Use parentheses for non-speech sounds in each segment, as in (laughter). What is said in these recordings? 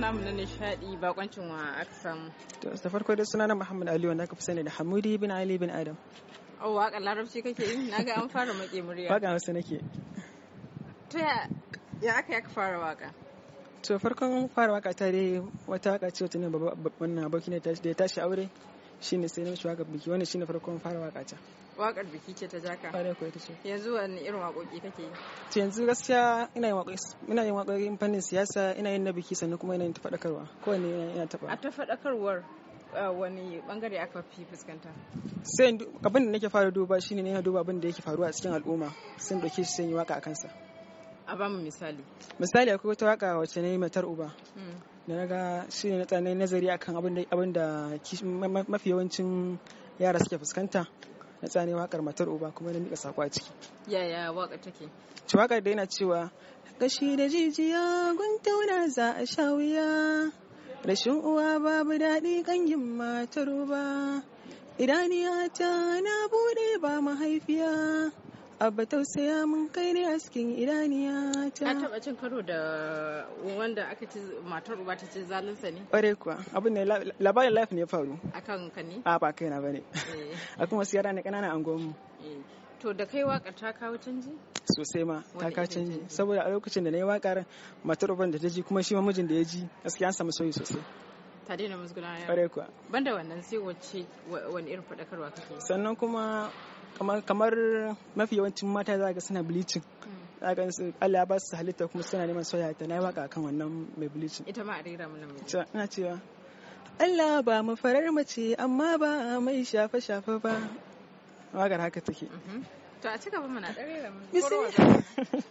shirin namu na nishadi bakoncin wa aka samu. To da farko dai sunana Muhammad Ali wanda aka fi sani da Hamudi bin Ali bin Adam. Oh waka larabci kake yi naga an fara maƙe murya. Waka wasu nake. To ya ya aka ya fara waka? To farkon fara waka ta dai wata waka ce wata ne babban abokin da ya tashi aure. shine sai na mishi wakar biki wannan shine farkon fara waka ta wakar biki ce ta jaka kwarai ko ita ce yanzu wani irin wakoki kake yi to yanzu gaskiya ina yin wakoki ina yin in fannin siyasa ina yin na biki sannan kuma ina yin ta fadakarwa kowanne ina taba a ta fadakarwar uh, wani bangare aka fi fuskanta sai abin da nake fara duba shine ne na duba abin da yake faruwa a cikin al'umma sun dauke shi sun yi waka a kansa a mu misali misali akwai wata waka wacce ne matar uba hmm. da na ga shi ne na tsanai nazari akan abin da mafi yawancin yara suke fuskanta na tsane wakar matar uba kuma na miƙa sako a ciki ya waka take ci wakar da yana cewa gashi da jijiya guntauna za a sha wuya rashin uwa babu daɗi ganyin matar uba idaniya ta na buɗe ba mahaifiya abu tausaya mun kai ne a cikin idaniya ta an taba cin karo da wanda aka ci matar uba ta ci zalunsa ne kware kuwa abin ne labarin life ne ya faru akan ka ne a ba kai na bane eh. (laughs) akan wasu yara ne kanana an gomu eh. to da kai waka ta kawo canji sosai ma ta kawo canji saboda a lokacin da na yi wakar matar uban da ta ji kuma shi ma mijin da ya ji gaskiya an samu sauyi sosai ta daina musguna ya kuwa banda wannan sai wacce wani irin faɗakarwa kake sannan kuma kamar mafi yawancin mata za ga suna bleaching mm. ga Allah ya ba su halitta kuma suna neman soya ta nayi waka akan wannan mai bleaching ita ma a rera mana mai ina cewa Allah ba mu farar mace amma ba mai shafa shafa ba wagar haka take mm-hmm. to a cika mana da rera (laughs)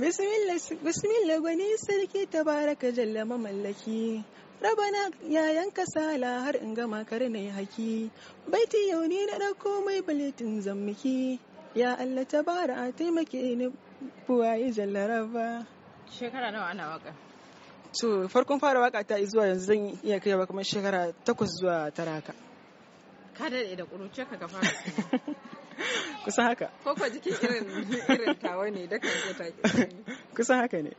bismillah bismillah gwani sarki tabaraka jalla mamallaki rabana yayan kasala har in gama kare na haki baiti yau ne na ɗauko mai bulletin zammiki ya Allah ta bara a taimake ni buwaye jallaraba shekara nawa ana waka to farkon fara waka ta zuwa yanzu zan iya kaiwa kamar shekara takwas zuwa tara haka ka daɗe da kuruce ka ka fara (laughs) Kusa haka ko jikin irin irin tawa ne da kan ta (laughs) Kusa haka ne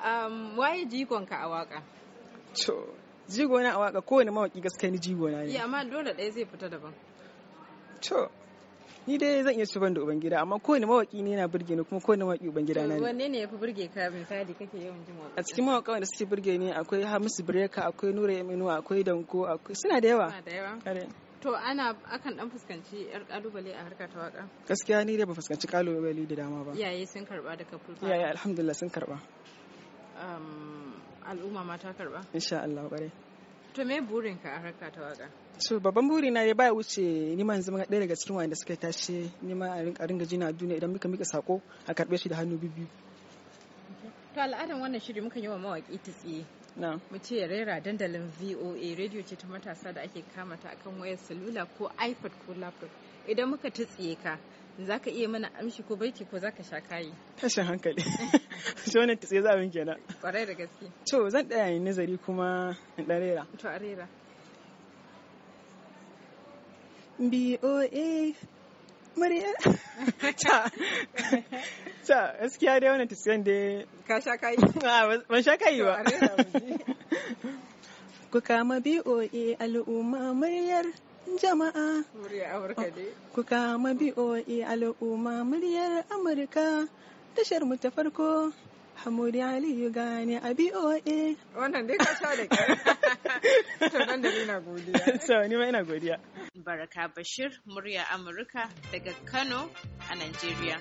um waye jikonka a waka jigo na a waka kowane mawaki gaskiya ni jigo na ne. Ya amma dole ɗaya zai fita daban. To, ni dai zan iya ban da ubangida amma kowane mawaki ne yana burge ni kuma kowane mawaki ubangida na ne wanne ne ya fi burge ka mai sadi kake yawan jin mawaki a cikin mawaka wanda suke burge ni akwai Hamisu Breka akwai Nura Yaminu akwai Danko akwai suna da yawa to ana akan dan fuskanci yar kalubale a harkar ta waka gaskiya ni dai ba fuskanci kalubale da dama ba iyaye sun karba daga fulfa iyaye alhamdulillah sun karba um, al'umma ma karba insha Allah bare to me burin ka a harka ta waka so babban buri na ya baya wuce ni ma zama ɗaya daga cikin wanda suka tashi ni ma a ringa jina duniya idan muka mika sako a karbe shi da hannu biyu to al'adan wannan shiri muka yi wa mawaki tsiye mu ce ya rera dandalin VOA radio ce ta matasa da ake kamata akan wayar salula ko iPad ko laptop idan muka tutsiye ka za ka iya mana amshi ko baiti ko za ka sha kayi tashin hankali (laughs) shi wannan tutsiye zaɓin kenan kwarai da gaske to zan ɗaya yi nazari kuma in ɗan rera to a rera boa murya (laughs) ta ta gaskiya dai wannan tutsiyen da ka sha kayi (laughs) ah, ban sha kayi ba ku kama boa al'umma muryar jama'a ku kama BOE al'umma muryar Amurka tashar mu ta farko Hamuri Aliyu gane a BOA. Wannan dai ka sha da kyau. (laughs) To da ina godiya. sau ni ma ina godiya. Baraka Bashir murya Amurka daga Kano a Najeriya.